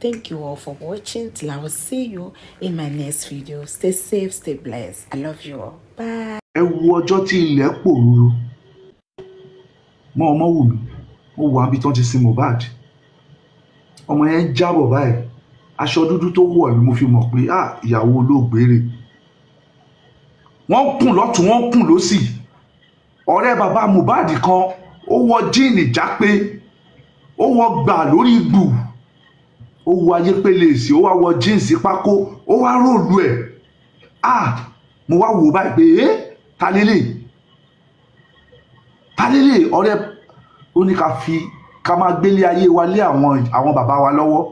Thank you all for watching. Till I will see you in my next video. Stay safe, stay blessed. I love you all. Bye. Ẹ wo ọjọ́ tí ilẹ̀ pòrúurú. Mọ ọmọ wù mí, mo wà níbi tán ti sin Mohbad. Ọmọ yẹn jábọ̀ báyìí. Aṣọ dúdú tó wọ̀ ni mo fi mọ̀ pé ah, ìyàwó olóògbé rèé wọ́n kùn lọ́tún wọ́n kùn lọ́sì ọ̀rẹ́ bàbá Mohbad kan ó wọ jíìnì jápé ó wọ gbà lórí gbù ó wọ ayé pélé sí ó wá wọ jíǹsì pákó ó wá róòlù ẹ̀ à mo wá wò báyìí pé ẹ́ ta lélẹ̀ ta ó ní ká fi ká máa gbélé ayé wa lé àwọn àwọn bàbá wa lọ́wọ́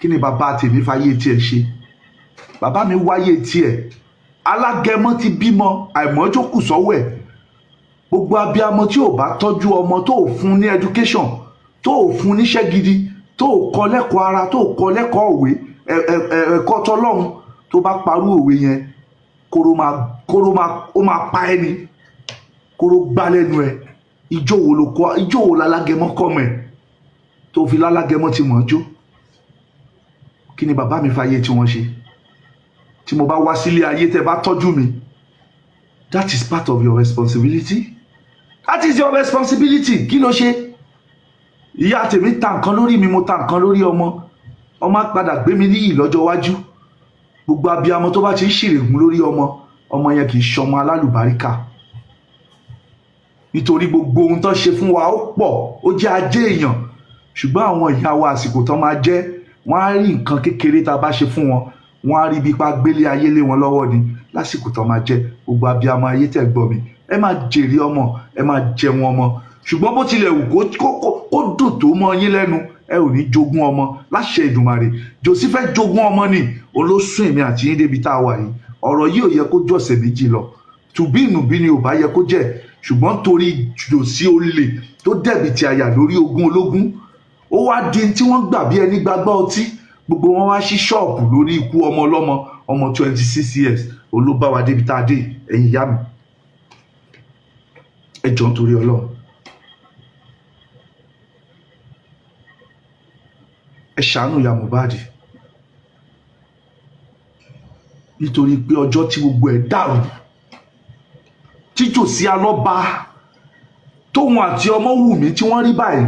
kí ni bàbá tèmi fàyè tiẹ̀ ṣe bàbá mi wáyé tiẹ̀ alágẹmọ ti bímọ àìmọ́jó kù sọ́wọ́ ẹ̀ gbogbo abiamọ tí ò bá tọ́jú ọmọ tó fún ní education tó ò fún níṣẹ́ gidi tó kọ lẹ́kọ̀ọ́ ara tó kọ lẹ́kọ̀ọ́ òwe ẹ̀kọ́ tọlọ́run tó bá parú òwe yẹn kóró máa kóró máa ó máa pa ẹ́ ni kóró gbá lẹ́nu ẹ̀ ijó wo ló kọ́ ijó wo lálágẹmọ́ kọ́mọ̀ ẹ̀ tó fi lálágẹmọ́ ti mọ̀ ọ́ jó kí ni bàbá mi fàyè tí wọ́n ṣe tí mo bá wá sílé ayé tẹ́ bá tọ́jú mi that is part of your responsibility that is your responsibility kí ló ṣe ìyá tèmi ta nǹkan lórí mi mo ta nǹkan lórí ọmọ ọmọ padà gbé mi níyì lọ́jọ́ iwájú gbogbo abiyamọ tó bá ti ń ṣèrègùn lórí ọmọ ọmọ yẹn kì í ṣọmọ alálùbáríkà nítorí gbogbo ohun tó ṣe fún wa ó pọ̀ ó jẹ́ ajé èèyàn ṣùgbọ́n àwọn ìyá wa àsìkò tó máa jẹ́ wọ́n á rí nǹkan kékeré tá a bá ṣe fún wọn wọ́n á rí ibi pa gbélé ayé lé wọn lọ́wọ́ ni lásìkò tó máa jẹ́ gbogbo abiyamọ ayé tẹ̀ gbọ́ mi ẹ máa jèrè ọmọ ẹ máa jẹun ọmọ ṣùgbọ́n bó tilẹ̀ wù kó ó dùn tó mọ́ yín lẹ́nu ẹ ò ní jogún ọmọ láṣẹ ìdùmarè jòsí fẹ́ jogún ọmọ ni òun èmi àti yín débi tá a wà yìí ọ̀rọ̀ yìí ò yẹ kó jọ ọ̀sẹ̀ méjì lọ tùbí ìnùbí ni ò bá yẹ kó jẹ́ ṣùgbọ́n torí jòsí olè tó dẹ̀bi ti àyà lórí ogún ológun ó wá di tí wọ́n gbà bí ẹni gbagbá ọtí gbogbo wọn wá sí ṣọ́ọ̀bù lórí ikú ọmọ ọlọ́mọ ọmọ twenty six years olóbáwa débi tá a dé ẹ̀yìn ìyá mi ẹ jọ̀ọ́ nítorí ọlọ́run ẹ ṣàánú ìyá Mohbad nítorí pé ọjọ́ tí gbogbo ẹ̀ dàrú tí Jòsí Alọ́ba tóun àti ọmọ wù mí tí wọ́n rí báyìí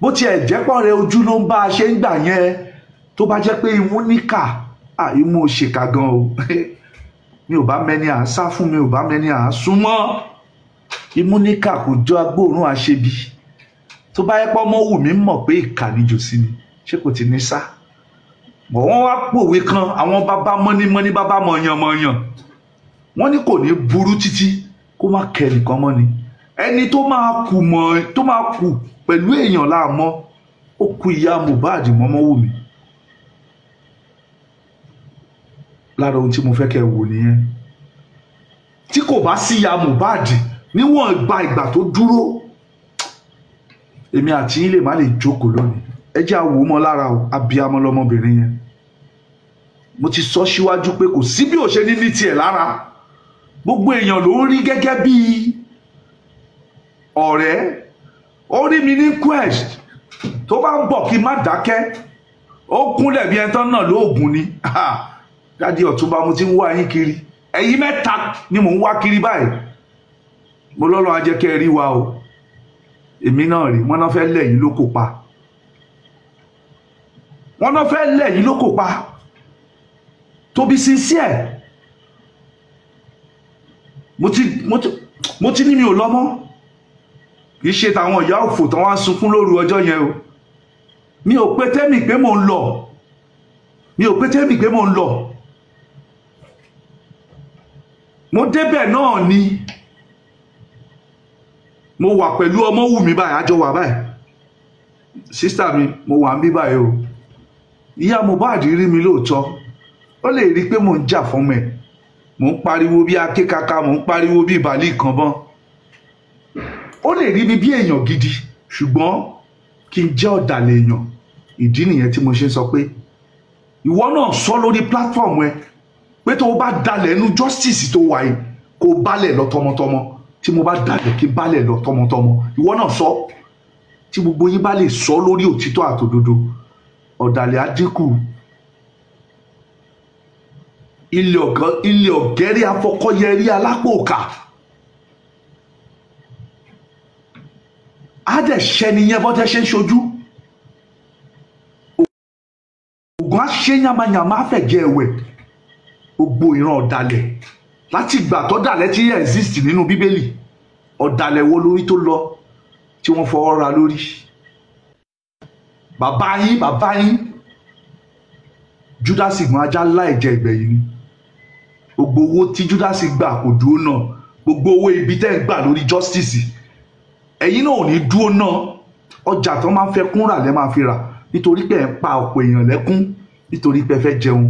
bó tiẹ̀ jẹ́pọ̀ rẹ ojú ló ń bá a ṣe ń gbà yẹn tó bá jẹ́ pé imú níkà imú òṣèkà gan o mi ò bá mẹ́ni à ń sá fún mi ò bá mẹ́ni à ń súnmọ́ imú níkà kò jọ agbóòórùn àṣebi tó bá yẹ pé ọmọ wù mí mọ̀ pé ìkànnì jòsí ni ṣé kò ti ní sá bọ̀ wọ́n wá pòwe kan àwọn bàbá mọ́nímọ́ní bàbá mọ̀yànmọ̀yàn wọ́n ní kò ní burú títí kó má kẹ́ nìkan mọ́ ni ẹni tó máa kù mọ́ tó máa kù pẹ̀lú èèyàn láàmọ́ ó kú ìyá Mohbad mọ́mọ́wùmí lára ohun tí mo fẹ́ kẹ́ wò nìyẹn tí kò bá sí ìyá Mohbad níwọ̀n ìgbà ìgbà tó dúró èmi àti yín lè má lè jókòó lónìí ẹ jẹ́ àwò mọ́ lára o abiyamọ lọmọbìnrin yẹn mo ti sọ síwájú pé kò sí bí ò ṣe ní ní tiẹ̀ lára gbogbo èèyàn ló ń rí gẹ́gẹ́ bí ọ̀rẹ́ ó rí mi ní quest tó bá ń bọ̀ kí n má dákẹ́ ó kúnlẹ̀ bí ẹni tán náà lóògùn ni dáàdi ọ̀túnba mo ti ń wá yín kiri ẹ̀yin mẹ́ta ni mò ń wá kiri báyìí mo lọ́lọ́ á jẹ́ rí wa o èmi náà rí wọn náà fẹ́ lẹ́yìn ló kò pa wọn náà fẹ́ lẹ́yìn ló kò pa to be sincere mo ti mo ti mo ti ní mi ò lọ́mọ́ kì í ṣe tàwọn ìyá òfò tán wá sunkún lóru ọjọ́ yẹn o mi ò pé tẹ́mì pé mò ń lọ mi ò pé tẹ́mì pé mò ń lọ mo débẹ̀ náà ni mo wà pẹ̀lú ọmọ wù mí báyìí àjọ wà báyìí sísítà mi mo wà ń bí báyìí o ìyá Mohbad rí mi lóòótọ́ ó lè rí i pé mò ń jà fún mi mò ń pariwo bí akékaka mò ń pariwo bí ìbàlí ìkànbọ́n ó lè rí mi bí èèyàn gidi ṣùgbọ́n kí n jẹ́ ọ̀dàlẹ̀ èèyàn ìdí nìyẹn tí mo ṣe sọ pé ìwọ náà sọ lórí platform ẹ pé tó o bá dalẹ̀ nu justice tó wà yìí kó o balẹ̀ lọ tọmọtọmọ tí mo bá dàgbẹ̀ kí balẹ̀ lọ tọmọtọmọ ìwọ náà sọ tí gbogbo yín bá lè sọ lórí òtítọ́ àtòdodo ọ̀dàlẹ̀ á dínkù ilẹ̀ ọ̀gẹ́rẹ́ afọkọ́yẹrí alápòkà á dẹ̀ ṣẹni yẹn bọ́tẹ́ ṣe ń ṣojú ògùn á ṣe yamayama á fẹ̀jẹ̀ ẹ̀wẹ̀ gbogbo ìran ọ̀dàlẹ̀ láti ìgbà tọ́dàlẹ̀ ti exist nínú bíbélì ọ̀dàlẹ̀ wo lórí tó lọ tí wọ́n fọwọ́ ra lórí bàbá yín bàbá yín júdásì gun ajá láìjẹ ìgbẹ̀yìn ni gbogbo owó tí júdásì gbà kò dúró náà gbogbo owó ibi tẹ́ ẹ̀ gbà lórí justice ẹ̀yin náà ò ní dúró náà ọjà tó máa ń fẹ́ kún rà lẹ́ máa fi rà nítorí pé ẹ̀ ń pa ọ̀pọ̀ èèyàn lẹ́kún nítorí pé ẹ fẹ́ jẹun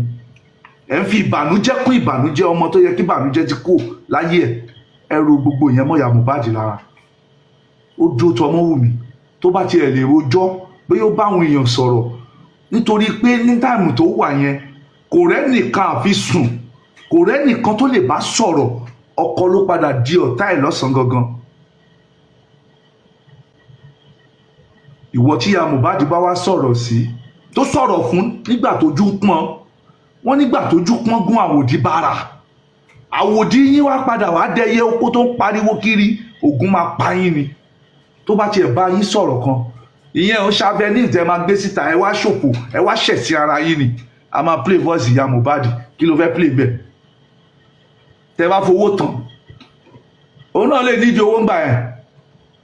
ẹ ń fi ìbànújẹ́ kún ìbànújẹ́ ọmọ tó yẹ kí ìbànújẹ́ ti kú láyé ẹ ẹrù gbogbo yẹn mọ́ ìyá Mohbad lára ó dúró tó ọmọ wù mí tó bá tiẹ̀ lè rojọ́ bóyá ó bá àwọn èèyàn sọ̀rọ̀ nítorí pé ní táìmù tó wà yẹn kò rẹ́nìkan àfi sùn kò rẹ́nìkan tó lè bá sọ̀rọ̀ ọkọ ló padà di ọ̀tá ẹ̀ lọ́sàn gangan ìwọ tí ìyá Mohbad bá wá sọ̀rọ̀ sí tó sọ̀rọ̀ fún nígbà tójú pọn. wọ́n nígbà tójú pọ́ngún àwòdì bára àwòdì yín wá padà wá dẹyẹ oko tó ń pariwo kiri ogun máa pa yín ni tó bá tiẹ̀ bá yín sọ̀rọ̀ kan ìyẹn ò ṣàbẹ ní ìtẹ́ máa gbé síta ẹ wá ṣòfò ẹ wá ṣẹ̀ sí ara yín ni a máa play voice ìyá Mohbad kí ló fẹ́ play bẹ́ẹ̀ tẹ bá fowó tán òun náà lè nídìí owó ń bà yẹn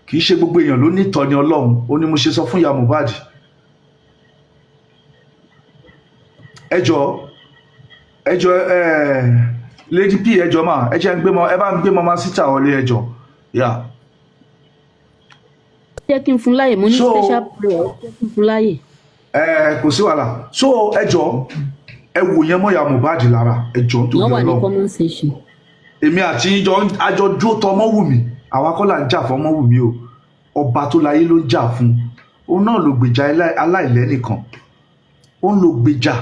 kì í ṣe gbogbo èèyàn ló ní ìtọ́ni Ọlọ́run ó ní mo ṣe sọ fún ìyá Mohbad ẹ jọ̀ọ́ ẹjọ ẹ lady p ẹjọ ma ẹ jẹ́ gbé mọ ẹ bá ń gbé mọ ẹjọ yà. jẹ́ kí mo ní special prayer jẹ́ kí n ẹ kò sí wàhálà so ẹjọ ẹ wò yẹn ya Mohbad lára ẹjọ nítorí èmi àti ìjọ àjọ o ọba tó láyé ló ń jà fún òun náà ló gbèjà aláìlẹ́nìkan òun ló gbèjà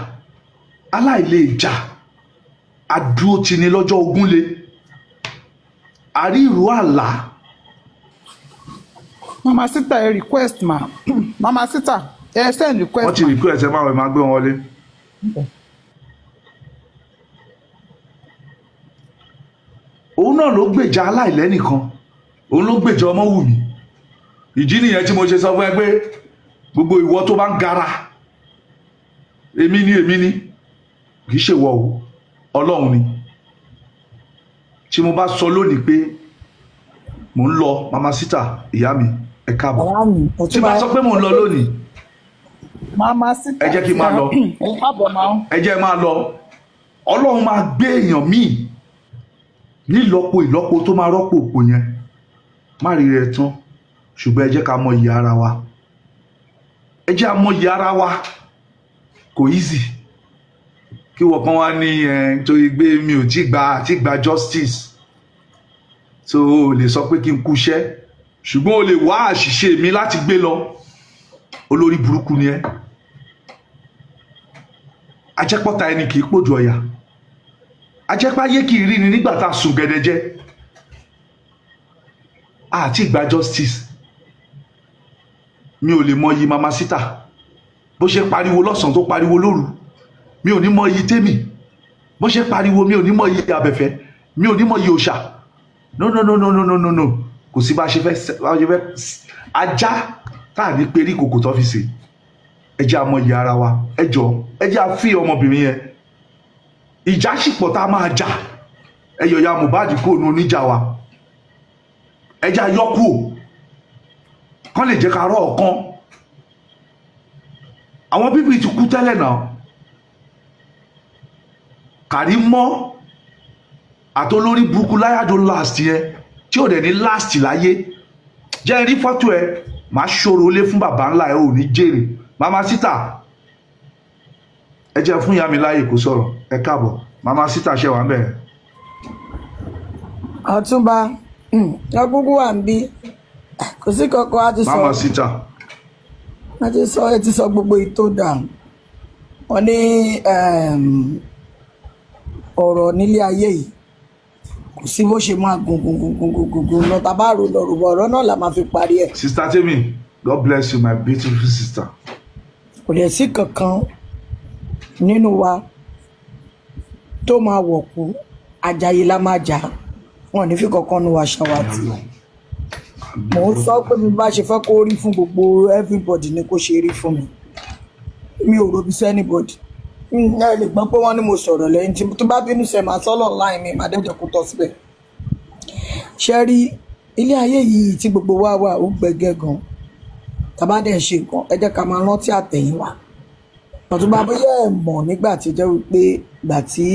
adúró ti ni lọ́jọ́ ogún le àríìrú àlá. mama sita ẹ request ma mama sita ẹ send request ma. wọ́n ti request ẹ máa wẹ̀ máa gbé wọn wọlé. òun náà ló gbèjà aláìlẹ́nìkan òun ló gbèjà Ọmọwùmí ìdí nìyẹn tí mo ṣe sọ fún ẹ pé gbogbo ìwọ tó bá ń gara èmi ni èmi ni kì í ṣèwọ o ọlọ́run ni tí mo bá sọ lónìí pé mò ń lọ mama sita ìyá mi ẹ káàbọ̀ tí mo bá sọ pé mò ń lọ lónìí mama sita ẹ jẹ́ kí n máa lọ ẹ jẹ́ máa lọ ọlọ́run máa gbé èèyàn míì nílọ́po ìlọ́po tó máa rọ́pò òpò yẹn má rí rẹ̀ tán ṣùgbọ́n ẹ jẹ́ ká mọ iye ara wa ẹ jẹ́ àmọ iye ara wa kò easy kí wọ́n kàn wá ní ẹ̀ nítorí pé mi ò tí gba àti gba justice so o lè sọ pé kí n kúṣẹ́ ṣùgbọ́n o lè wá àṣìṣe mi láti gbé lọ olórí burúkú ni ẹ́ ajẹ́pọ́ta ẹni kì í pòjù ọ̀yà ajẹ́páyé kì í rí ni nígbà tá a sùn gẹ́dẹ́ jẹ́ àti ìgbà justice mi ò lè mọyì mamacita bó ṣe pariwo lọ́sàn tó pariwo lóru mi ò ní mọ iye tèmi bó ṣe pariwo mi ò ní mọ iye abẹ́fẹ́ mi ò ní mọ iye òòṣà no no no no no no no no kò sí bá a ṣe fẹ́ ajá tá à ní perí kòkò tó fi sè ẹ jẹ́ àmọ iye ara wa ẹ jọ ẹ jẹ́ àfi ọmọbìnrin yẹn ìjà tá a máa jà ẹ yọ̀ ya Mohbad kúrò ní oníjà wa ẹ jẹ́ àyọkù kán lè jẹ́ ká rọ̀ ọ̀kan àwọn bíbí ti kú tẹ́lẹ̀ náà kàrí mọ́ àtolórí burúkú láyàjọ last yẹn tí ò dẹ̀ ní last láyé jẹ́ rí fọ́tò ẹ màá ṣòro lé fún bàbá ńlá ẹ ò ní jèrè màmá sítà ẹ jẹ́ fún ìyá mi láàyè kó sọ̀rọ̀ ẹ káàbọ̀ màmá sítà ṣe wà ń bẹ̀rẹ̀. ọ̀túnba wà ń bí kò sí kankan a ti sọ màmá sítà a ti sọ ẹ ti sọ gbogbo ètò dà wọ́n ní ehm, ọ̀rọ̀ nílé ayé yìí kò sí bó ṣe máa gùn gùn gùn gùn gùn tàbá rò lọ ọ̀rọ̀ náà la máa fi parí ẹ̀. sista Temi God bless you my beautiful sister. kò lè sí kankan nínú wa tó máa wọ̀ kú Àjàyí la máa jà wọn ní fi kankan nu àṣà wa tì mò ń sọ pé mi bá ṣe fẹ́ kó rí fún gbogbo everybody ni kò ṣe rí fún mi mi ò ròbí sẹ́nibọ́dì ẹ lè gbọ́ pé wọ́n ní mo sọ̀rọ̀ lẹ́yìn tí tó bá bínú sẹ̀ máa sọ́lọ̀ láì mi màá dẹ́jọ́ kó tọ́ síbẹ̀. ṣe rí ilé ayé yìí tí gbogbo wa wà ó gbẹgẹ gan tàbá dẹ̀ ṣe nǹkan ẹ jẹ́ ká máa rántí àtẹ̀yìnwá ọ̀túnba bóyá ẹ̀ mọ̀ nígbà tí jẹ́ wípé gbà tí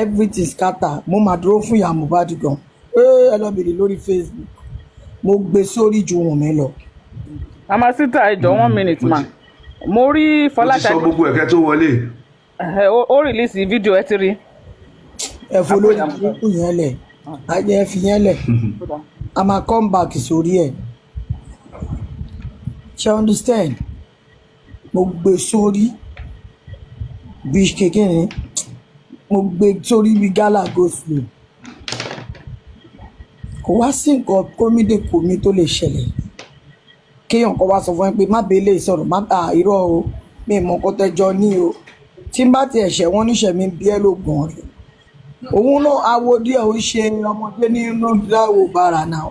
everything scatter mo máa dúró fún ìyá Mohbad gan pé ẹ lọ bèrè lórí Facebook mo gbé sórí ju wùn mí lọ. àmọ́ síta ìjọ one minute ma. Mm -hmm mo rí fọláṣadé. o ti sọ gbogbo ẹ̀kẹ́ tó wọlé. ó rìlíìsì fídíò ẹ ti rí. ẹ folórí burúkú yẹn lẹ ajẹ fi yẹn lẹ a máa come back sórí ẹ ṣe understand mo gbé sórí bí kékeré mo gbé sórí bí gala go slow kò wá sí nǹkan kómìdé kòmí tó lè ṣẹlẹ̀ kéèyàn kan wá sọ fún ẹ pé má bẹ́ẹ̀ lè sọ̀rọ̀ má à irọ́ o mi mọ̀ kó tẹjọ ní o tí n bá ti ẹ̀ṣẹ̀ wọn níṣẹ̀ mi bí ẹ lóògùn rẹ̀ òun náà awo díẹ̀ ó ṣe ọmọdé nínú dáwò bára náà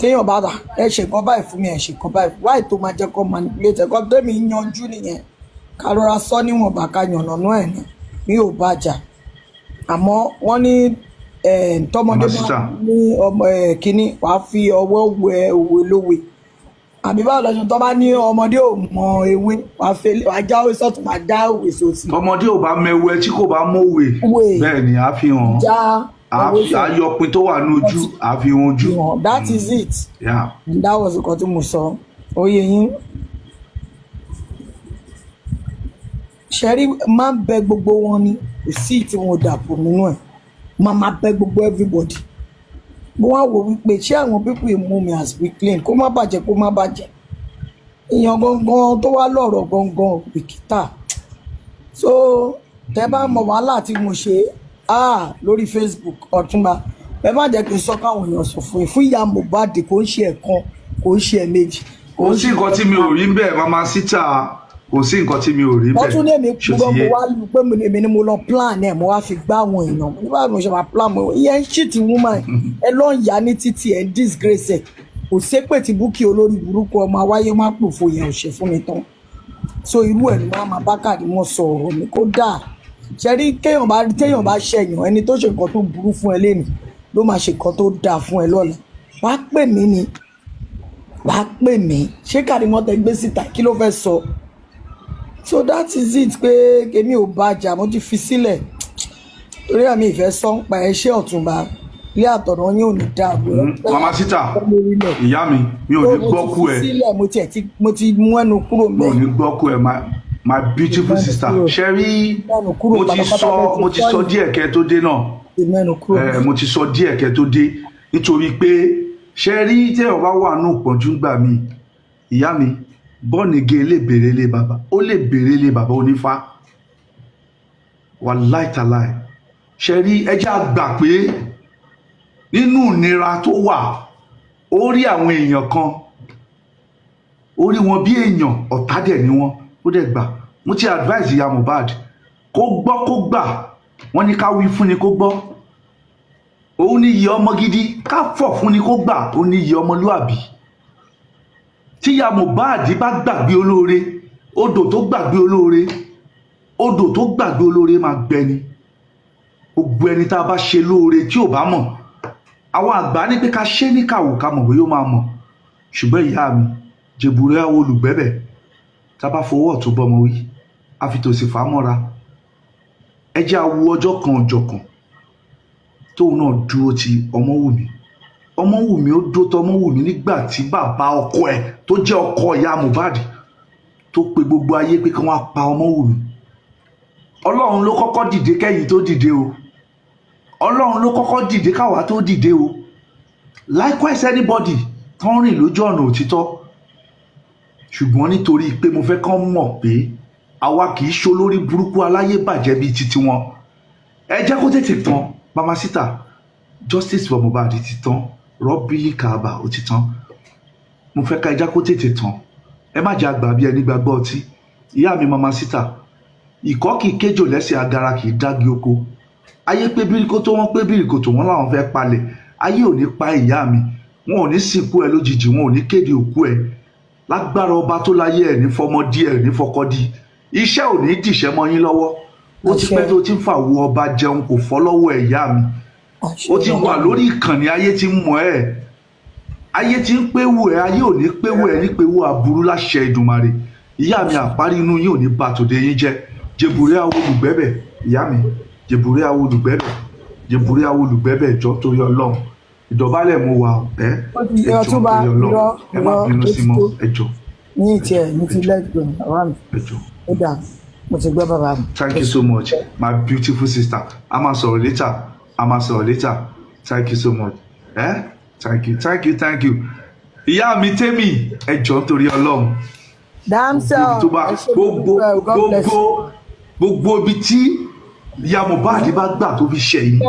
téèyàn bá dà ẹ̀ṣẹ̀ kan báyìí fún mi ẹ̀ṣẹ̀ kan báyìí wáyé tó máa jẹ́ kó manipulate ẹ̀kọ́ tẹ́mi yanjú nìyẹn ká rọra sọ níwọ̀nba ká yànnàná ẹ̀ ni mi ò bá jà àmọ́ wọ́n ní eh, tọmọdé máa ní ọmọ eh, kínní wàá fi ọwọ́ wẹ òwe lówe àbí báwo lọ tó bá ní ọmọdé ò mọ ewé wàá fẹlẹ wàá já òwe wàá já òwe sósì. ọmọdé ò bá mẹwẹ tí kò bá mọwé bẹ́ẹ̀ ni a àyọpin tó wà ní ojú ojú. that is hmm. it. Yeah. that was nǹkan tí mo sọ oyè yín. ṣẹ́rí máa ń bẹ gbogbo wọn ni kò sí tí dàpọ̀ nínú ẹ̀ máa máa bẹ gbogbo everybody mo wá wò wípé ṣé àwọn pípé mú mi as Wikilin kó má bàjẹ́ kó má bàjẹ́ èèyàn gangan tó wá lọ́rọ̀ gangan Wikita so tẹ bá mọ wàhálà tí mo ṣe ah lórí Facebook Ọ̀túnba ẹ má jẹ́ kí n sọ káwọn èèyàn sọ fún yín fún ìyá Mohbad kò ń ṣe ẹ̀kan kò ń ṣe ẹ̀mejì. kò sí nǹkan tí mi ò rí bẹ́ẹ̀ mama sita kò sí nǹkan tí mi ò rí bẹ́ẹ̀ ṣòtìyẹ. wọ́n tún ní èmi kúrò mo wá pé èmi ni mo lọ plan ẹ̀ mo wá fi gbá àwọn èèyàn mo ní mo ṣe máa plan mo ìyẹn ń ṣìtì woman ẹ lọ́n yá ní títì ẹ̀ disgrace ẹ̀ kò sépè tí búkì olórí burúkú ọmọ awáyé má pòfo yẹn ò fún mi tán so irú ẹ̀ ni wọ́n á máa bá kàdí wọn sọ ọ̀rọ̀ mi kó dáa ṣẹ́rí kéèyàn bá téèyàn bá ṣẹ̀yàn ẹni tó ṣe nǹkan tó burú fún ẹ lénìí ló máa ṣe nǹkan tó dáa fún ẹ lọ́la wàá pè mí ni wàá pè mí ṣé kàdí wọn tẹ gbé síta kí ló fẹ́ sọ so that is it pé èmi ò bàjà mo ti fi sílẹ̀ torí àmì ìfẹ́ sọ́npa ẹṣẹ́ ọ̀túnba ilé àtọ̀nà yín ò ní dáàbò. Mm-hmm. mama sita ìyá mi mi ò ní gbọ́ kú ẹ. mo ti ti mo ti mú ẹnu kúrò mẹ́. mi ò ní gbọ́ kú ẹ my beautiful sister ṣẹ́rí mo ti sọ mo ti sọ díẹ̀ kẹ́ tó dé náà eh, mo ti sọ díẹ̀ kẹ́ tó dé nítorí pé ṣẹ́rí tẹ́yọ̀ bá wà nù pọ̀jù gbà mí ìyá mi born again lè béèrè lé bàbá ó lè béèrè lé bàbá onífá wà láìtàláì ṣe rí ẹjẹ́ àgbà pé nínú ìnira tó wà ó rí àwọn èèyàn kan ó rí wọn bí èèyàn ọ̀tá dẹ̀ ni wọn ó dẹ̀ gbà mo ti advise ìyá Mohbad kó gbọ́ kó gbà wọ́n ní ká wí fún ni kó gbọ́ òun ní iye ọmọ gidi ká fọ̀ fún ni kó gbà òun ní iye ọmọlúàbí tíya Mohbad bá gbàgbé olóore odò tó gbàgbé olóore odò tó gbàgbé olóore máa gbẹni gbogbo ẹni tá a bá ṣe lóore tí ò bá mọ̀ àwọn àgbà ní pé ká ṣe ní kàwò ká mọ̀ bóyá ó máa mọ̀ ṣùgbọ́n ìyá mi jèbùrẹ́ olùgbẹ́bẹ̀ tá a bá fọwọ́ ọ̀tún bọ́mọ wí a fi tòsì fà á mọ́ra ẹ jẹ́ àwo ọjọ́ kan ọjọ́ kan tóun náà dúró ti Ọmọ́wùmí ọmọwùmí ó dó tọmọwùmí nígbà tí bàbá ọkọ ẹ̀ tó jẹ́ ọkọ ìyá Mohbad tó pe gbogbo ayé pé kí wọ́n pa ọmọwùmí ọlọ́run ló kọ́kọ́ dìde kẹ́yìn tó dìde o ọlọ́run ló kọ́kọ́ dìde káwa tó dìde o likewise anybody tán rìn lójú ọ̀nà òtítọ́ ṣùgbọ́n nítorí pé mo fẹ́ kán mọ̀ pé àwa kì í ṣe olórí burúkú aláyé bàjẹ́ bíi titi wọn ẹ jẹ́ kó tètè tán mama sita justice for Mohbad ti tán rọ́bìlì kaaba ó ti tán mo fẹ́ ka ẹja kó tètè tán ẹ má jẹ́ àgbà bí ẹni gbàgbọ́ ọtí ìyá mi mama sita ìkọ́ kì í kéjò lẹ́sẹ̀ agara kì í dági oko ayé pé bíríkótó wọn pé bíríkótó wọn làwọn fẹ́ palẹ̀ ayé ò ní pa ìyá mi wọn ò ní sìnkú ẹ lójijì wọn ò ní kéde òkú ẹ lágbára ọba tó láyé ẹ ní fọmọ dí ẹ ní fọkọ dí iṣẹ́ ò ní dìṣẹ́ mọ́ yín lọ́wọ́ ó ti pẹ́ tó ti ń fàwọ ọba jẹun kò fọ́ lọ́wọ́ ẹ̀ ìyá mi ó ti wà lórí ìkànnì ayé ti mọ̀ ẹ́ ayé ti ń péwu ẹ ayé ò ní péwu ẹ ní péwu aburú láṣẹ Èdùmàrè ìyá mi àparí inú yín ò ní ba tòde yín jẹ́ jèbùrẹ́ àwọn ìyá mi jèbùrẹ́ àwọn jèbùrẹ́ àwọn ìjọ tó Ọlọ́run ìdọ̀bálẹ̀ mo wà ọ̀bẹ́ ẹjọ́ tó Ọlọ́run ẹ má bínú sí mọ́ ẹjọ́. ní ìtẹ̀ mi ti lẹ́gbẹ̀ẹ́ bàbá mi ó dà mo ti gbọ́ bàbá mi. thank you so much my beautiful sister a máa sọ̀rọ̀ later a máa sọ̀rọ̀ later thank you so much eh? thank you thank you thank you ìyá mi tẹ́mi ẹ̀jọ̀ nítorí ọlọ́run gbogbo gbogbo gbogbo ibi tí ìyá Mohbad bá gbà tó fi ṣe yìí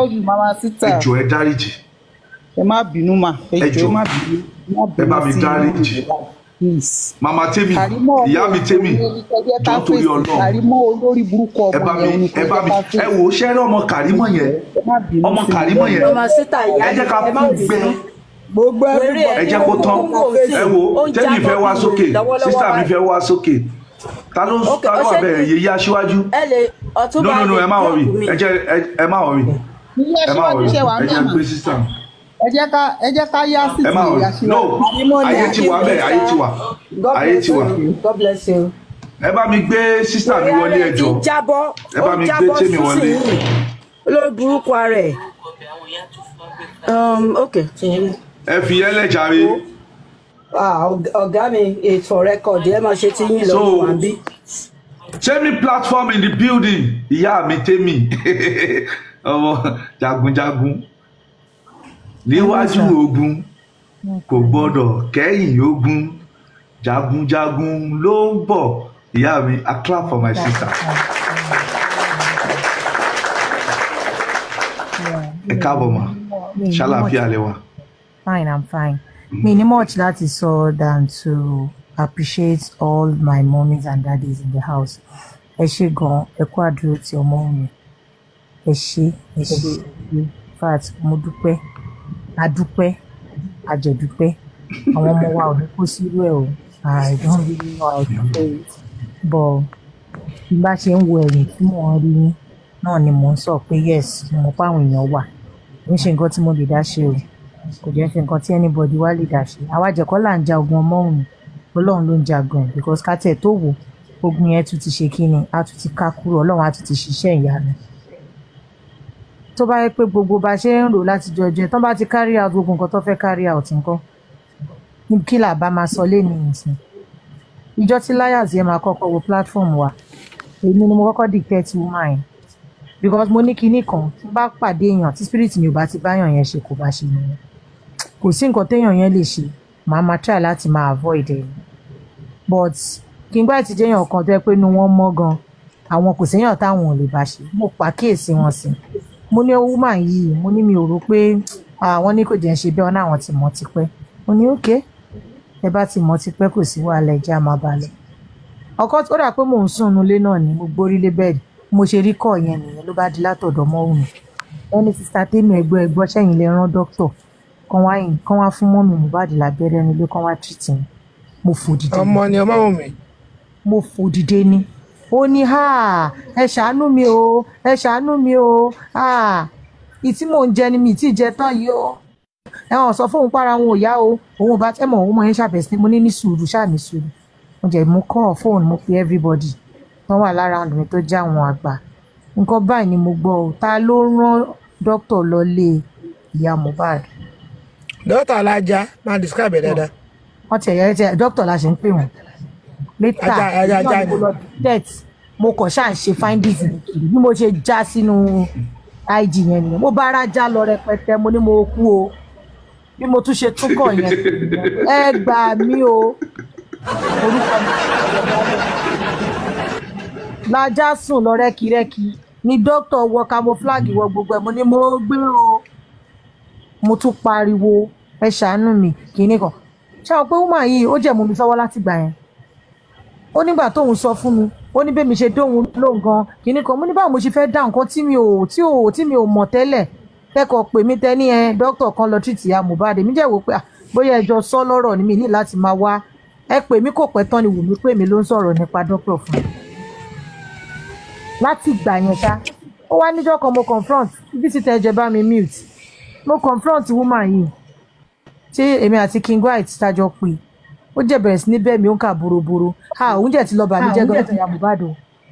ẹ̀jọ̀ ẹ dáríjì ẹ má bínú ma ẹ̀jọ̀ ẹ má bínú ẹ bá mi dáríjì please. mama tèmi ìyá mi tèmi jọ torí Ọlọ́run kàrímọ olórí burúkú ọmọ yẹn ẹ bá mi ẹ wò ó ṣẹrẹ ọmọ kàrímọ yẹn ọmọ kàrímọ yẹn ẹ jẹ́ ká fún gbẹ ẹ jẹ́ kó tán ẹ wò tèmi fẹ́ wá sókè sísá mi fẹ́ wá sókè ta ló ta ló wà bẹ́ẹ̀ yẹ yá no no no ẹ má wọrí ẹ jẹ́ ẹ má wọrí ẹ má wọrí ẹ jẹ́ gbé sísá mi ẹ jẹ́ ká ẹ jẹ́ ká yá sí ti àṣìwájú àdìmọ́lẹ̀ ayé ti wà bẹ́ẹ̀ ayé ti wà ayé ti wà God bless you. ẹ bá mi gbé sísà mi wọlé ẹjọ́ ẹ bá mi gbé tèmi wọlé. lórí burúkú ara ẹ um, ok. ẹ fi ẹlẹ́jà rí. ọ̀gá mi ètò rẹ́kọ̀dì ẹ máa ṣe ti yín lọ́wọ́ wà bí. tèmi platform in the building ìyá mi tèmi ọmọ jagunjagun níwájú ogun kò gbọ́dọ̀ kẹ́yìn ogun jagunjagun ló ń bọ̀ ìyá mi I clap for my sister. ẹ káàbọ̀ mà ṣàlàáfíà lẹ fine i'm fine. mi ní much is sọ than to appreciate all my mummies and daddies in the house ẹ ṣe gan ẹ kó àdúró ti ọmọ mi ẹ ṣe ẹ ṣe in fact mo dúpẹ́ adúpẹ́ àjẹ̀dúpẹ́ àwọn ọmọ wa ò ní kó sírú ẹ̀ o I don't really know how to say it but bí bá ṣe ń wo ẹ̀yìn tí mò ń rí náà ni mò ń sọ pé yes mo pa àwọn èèyàn wà kò ń ṣe nǹkan tí mo lè dá ṣe o kò jẹ́ ṣe nǹkan tí anybody wá lè dá ṣe àwa jẹ̀kọ́ là ń ja ogun ọmọ ọlọ́run ló ń jagun because ká tó wò ogun yẹn tún ti ṣe kí ni a tún ti ká kúrò ọlọ́run a tún ti ṣiṣẹ́ ìyanu tó bá yẹ pé gbogbo bá ṣe ń rò láti jọ jẹ tán bá ti carry out gbogbo nǹkan tó fẹ́ carry out nǹkan kí là bá máa sọ lé nìyẹn sí ìjọ tí láyàzì ẹ máa kọ́kọ́ wo platform wa èmi ni mo kọ́kọ́ dìpẹ́ ti wúmà yẹn because mo ní kinní kan tí bá pàdé èèyàn tí spirit mi ò bá ti báyàn yẹn ṣe kò bá ṣe nìyẹn kò sí nǹkan téèyàn yẹn lè ṣe màá máa try láti máa avoid ẹ but kí n gbá ìtìjẹ́ èèyàn kan tó yẹ pé inú wọn mọ́ gan àwọn kò séèyàn táwọn ò lè bá ṣe mo pàkíyèsí wọn sí i mo ní oh, woman yìí mo ní mi ò rò pé àwọn ní kò jẹ́ ń ṣe bẹ́ẹ̀ náà àwọn ti mọ̀ tipẹ́ mo ní òkè ẹ bá ti mọ̀ tipẹ́ kò sí wàhálà ẹ̀jẹ̀ á máa ọkọ tó dà pé mò ń sùn nulé náà ni mo gbórí lé bẹ́ẹ̀dì mo ṣe rí kọ́ yẹn nìyẹn ló bá di látọ̀dọ̀ mọ́ òun wọn ní sista tèmi ẹgbẹ́ ẹgbọ́ sẹ́yìn lè rán dókítọ̀ kan wá yìn kan wá fún mọ́mì Mohbad lábẹ́rẹ́ nílé kan wá tìtì mo fò dìde ni. ọmọ ni ọmọ mi. mo fò dìde ni ó ní ẹ ṣàánú mi o ẹ ṣàánú mi o ìtí mò ń jẹ ni mi ì tí jẹ tán yìí o ẹ̀wọ̀n sọ fóun para wọn ò yá o òun ò bá tẹ́ mọ̀ òun mọ̀ ẹ́ ṣàbẹ̀sí mo ní ní sùúrù ṣáà ní sùúrù mo jẹ́ mo kọ́ fóònù mo pe everybody wọ́n wà lára ọ̀dọ̀ mi tó jẹ́ àwọn àgbà nǹkan báyìí ni mo gbọ́ o ta ló rán dókítà lọ́lé ìyá Mohbad. dókítà alájà máa describe ẹ̀ dáadáa. wọ́n ti ẹ̀yà ẹ̀ tí dókítà la ṣe ń pè wọ́n later ajá ajá ni death mo kàn ṣáà ń ṣe findings nìkiri bí mo ṣe já sínú ig yẹn nìyẹn mo bára já lọ rẹpẹtẹ mo ní mo kú o bí mo tún ṣe tún kàn yẹn ẹ gbà mí o orúkọ mi lajá sùn lọ rẹ́kirẹ́ki ni dókítà wọ camouflage wọ gbogbo ẹ̀ mo ní mo gbé o mo tún pariwo ẹ ṣàánú mi kìíní kan ṣé o pé woman yìí ó jẹ̀mú mi sọ́wọ́ láti gbà yẹn ó nígbà tóun sọ fún mi ó ní bẹ́ẹ̀ mi ṣe dóhun lóhun gan kìíní kan mo ní báwo mo ṣe fẹ́ dá nǹkan tí mi ò tí ò tí mi ò mọ̀ tẹ́lẹ̀ kẹ́kọ̀ọ́ pè mí tẹ́ ní ẹ dókítà kan lọ tìtì ya Mohbad mi jẹ́ wò pé bóyá ẹjọ́ sọ lọ́rọ̀ ni mi ní láti máa wá ẹ pè mí kò pẹ́ tán ni Wùmí pè mí ló ń sọ̀rọ̀ nípa dókítà fún mi láti ìgbà yẹn ṣá ó wá níjọ́ kan mo confront bí ti tẹ́jẹ̀ bá mi mute mo confront woman yìí tí èmi àti King White tájọ pè é ó jẹ́ bẹ̀rẹ̀ sí ní bẹ́ẹ̀ mi ó ń kà boroboro ha òun jẹ́ ti lọ bà mí jẹ́ gan-an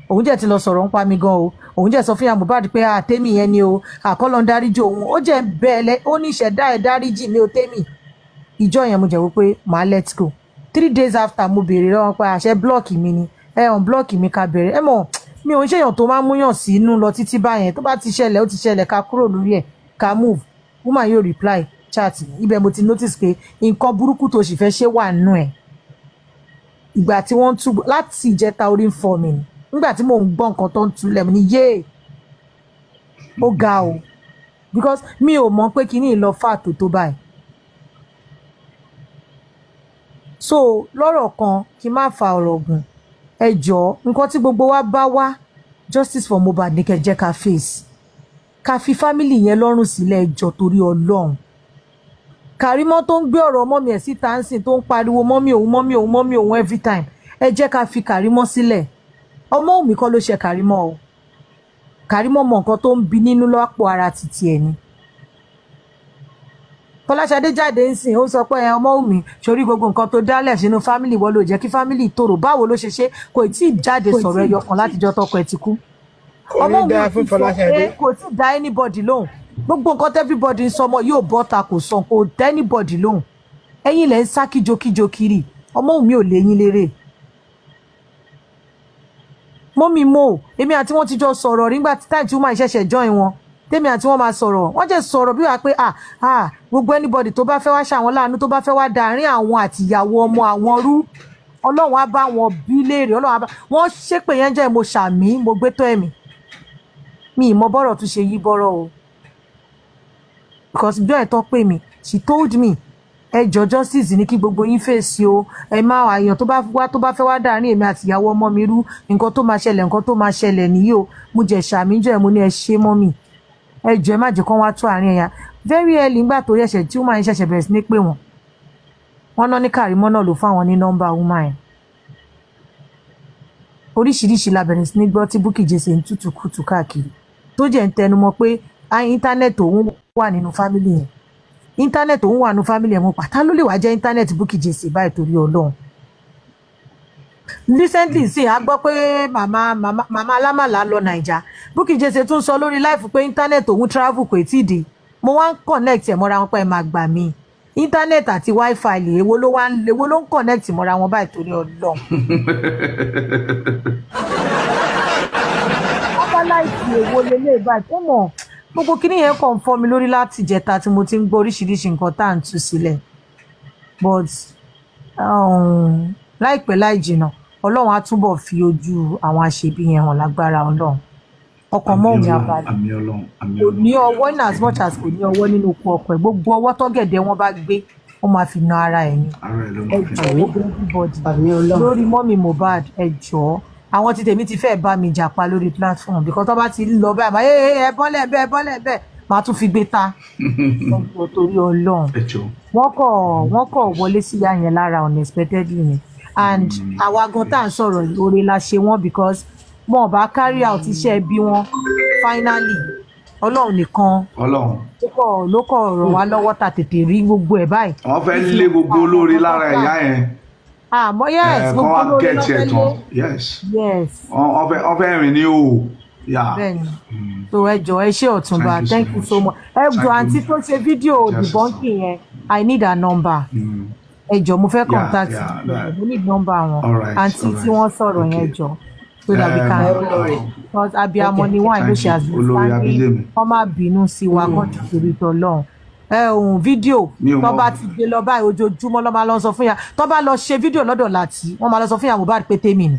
o òun jẹ́ ti lọ sọ̀rọ̀ ń pa mi gan o òun jẹ́ sọ fún ìyá Mohbad pé a tèmi yẹn ni o àkọ́lọ́ ń dáríjì òun ó jẹ́ bẹ́ẹ̀ ó ní ìṣẹ̀dá ẹ̀ dáríjì mi ò tèmi ìjọ yẹn mo jẹ́ wípé màá let go three days after mo béèrè lọ́wọ́ pé àṣẹ blọ́ọ̀kì mi ni ẹ hàn blọ́ọ̀kì mi ká bẹ̀rẹ̀ ẹ mọ̀ mi ò ń ṣèyàn tó máa ń múyàn sí inú lọ títí báyẹn tó bá ti ṣẹlẹ̀ ó ti ṣẹlẹ̀ ká kúrò lórí ẹ̀ ká move woman yóò reply chat ibẹ̀ mo ti notice pé nǹkan burúkú tó sì fẹ́ ṣe wà nù ẹ̀ ìgbà tí wọ́n ń tú láti ìjẹta orí ń fọ mi nígbà tí mò ń gbọ́ nǹkan tó ń túlẹ̀ mi ni yéè ó ga o because mi ò mọ̀ pé kíní ìlọ fàtò tó báyìí so lọ́rọ̀ kan kí n má fa ọ̀rọ̀ gùn ẹ jọ nǹkan tí gbogbo wa bá wá justice for Mohbad ní kẹ́ ká face ká fi family yẹn lọ́rùn sílẹ̀ ẹjọ́ torí Ọlọ́run Karimo tó ń gbé ọ̀rọ̀ mọ́mí ẹ̀ síta ń sìn tó ń pariwo mọ́mí òun mọ́mí òun mọ́mí òun every time ẹ jẹ́ ká fi Karimo sílẹ̀ ọmọ òmí kọ́ ló ṣe Karimo o Karimo mọ nǹkan tó ń bi nínú lọ́pọ̀ ara títí ẹ̀ ni Fọláṣadé jáde ń sìn ó sọ pé ẹ ọmọ òmí sórí gbogbo nǹkan tó dálẹ̀ sínú fámìlì wọ́n ló jẹ́ kí fámìlì tòrò báwo ló ṣe ṣe kò tí ì jáde sọ̀rọ̀ ẹyọkan látijọ́ tọkọ ẹ̀ ti kú ọmọ òmí kò tí ì dá anybody lóhùn gbogbo nǹkan tẹ́ everybody ń sọmọ yóò bọ́ ta kò sàn kò tẹ́ anybody lóhùn ẹ̀yin lẹ́ ń sá kíjokíjo kiri ọmọ mi ò léyìn lérè mọ́mí mo èmi àti wọ́n ti jọ sọ̀rọ̀ nígbà tí táyì tí wọ́n máa ṣẹ̀ṣẹ̀ join wọn tèmi àti wọ́n máa sọ̀rọ̀ wọ́n jẹ́ sọ̀rọ̀ bí wàá pé à ah, à ah, gbogbo anybody tó bá fẹ́ wá ṣàwọn láàánú tó bá fẹ́ wá dàárín àwọn àtìyàwó ọmọ àwọn rú ọlọ́run á bá wọn bí léèrè ọlọ́run á bá wọn ṣépè yẹn jẹ́ mo ṣàmí mo gbé tó ẹ̀mí mi ìmọ̀ bọ́rọ̀ tún ṣe yí bọ́rọ̀ o because joy tó pè mí she told me ẹ jọ justice ní kí gbogbo yín fèsì o ẹ má àyàn tó bá wá tó bá fẹ́ wá dàárín èmi àti ìyàwó ọmọ mi rú nǹkan tó máa ṣẹlẹ̀ nǹkan tó máa ṣẹlẹ̀ nìyí o mo jẹ̀ ṣàmìjọ ẹ̀ mo ní ẹ ṣe mọ́ mi ẹ jọ ẹ má jẹ́ kán wá tó àárín ẹ̀yà very early ńgbà tó yẹ̀ṣẹ̀ tí woman yẹn ṣẹ̀ṣẹ̀ bẹ̀rẹ̀ sí ní pè wọ́n wọ́n ná ní kàrímọ́ náà ló fáwọn ní nọ́mbà woman yẹn oríṣiríṣi la sí ní gbọ́ tí Bukky jẹ́ íńtánẹ́ẹ̀tì ah, òun wà nínú fámìlì yẹn íńtánẹ́ẹ̀tì òun wà nínú fámìlì yẹn mo pàtà ló lè wá jẹ́ íńtánẹ́ẹ̀tì Bukky Jesse báyìí torí ọlọ́run recently hmm. sí a gbọ́ pé màmá màmá alámàlà lọ nàìjà Bukky Jesse tún sọ lórí láìfù pé íńtánẹ́ẹ̀tì òun travel kò tí ì dé mo wá ń connect ẹ̀ mọ́ra wọn pé ẹ máa gbà mí íńtánẹ́ẹ̀tì àti wifi lè èwo ló wá ń èwo ló ń connect mọ́ra wọn báyìí torí ọlọ́run ọba láìsí èwo lélẹ́ẹ̀ báyìí kọ́mọ̀ gbogbo kíní yẹn kàn ń fọ́ mi lórí láti jẹta tí mo ti ń gbọ́ oríṣiríṣi nǹkan tá à ń tú sílẹ̀ but um, láìpẹ́ láì jìnà ọlọ́run á túbọ̀ fi ojú àwọn àṣebí yẹn hàn lágbára ọlọ́run ọkàn mọ́ òun abalẹ̀ kò ní ọwọ́ in as much as kò ní ọwọ́ nínú okun ọkọ̀ ẹ̀ gbogbo ọwọ́ tọ́gẹ̀dẹ̀ wọn bá gbé wọ́n máa fi na ara ẹ̀ ni ẹ jọ̀ọ́ lórí mọ́mì Mohbad ẹ jọ̀ọ́ àwọn tí tèmi ti fẹ́ bá mi jàpa lórí platform because tó bá ti lọ bẹ́ẹ̀ máa ẹ bọ́lẹ̀ bẹ́ẹ̀ bọ́lẹ̀ bẹ́ẹ̀ máa tún fi gbé ta torí ọlọ́run wọ́n kọ̀ wọ́n kọ̀ wọlé sí ìyá yẹn lára unexpectedly ni and mm. àwa gan tá à ń sọ̀rọ̀ oore la ṣe wọ́n because wọn ò bá carry out iṣẹ́ bí wọn finally ọlọ́run nìkan ló kọ̀ ràn wá lọ́wọ́ ta tètè rí gbogbo ẹ̀ báyìí. wọ́n fẹ́ lé gbogbo olóore lára ìyá yẹn àmọ́ ah, yes gbogbo ló lọ fẹ́ yes yes ọbẹ̀ ọbẹ̀ rìn ní o bẹ́ẹ̀ni mm. so ẹ jọ̀ọ́ ẹ ṣé Ọ̀túnba thank you so much ẹ jọ̀ọ́ àǹtí tó ṣe fídíò dìbọ́ǹkì yẹn i need a number mm. ẹ jọ̀ọ́ mo fẹ́ contact mo need number wọn àǹtí tí wọ́n sọ̀rọ̀ yẹn jọ̀ọ́ so that we eh, can because abiyamọ ni wọn àìlóṣe àti ìsàlẹ̀ ọmọ àbínú sí wa kọ́ńtù mm. torí tọ́lọ́run. Um, ohun fídíò tó bá ti gbé lọ báyìí ojoojúmọ́ ló máa lọ sọ fún yà tó bá lọ ṣe fídíò lọ́dọ̀ láti wọ́n máa lọ sọ fún yà Mohbad pé tèmi ni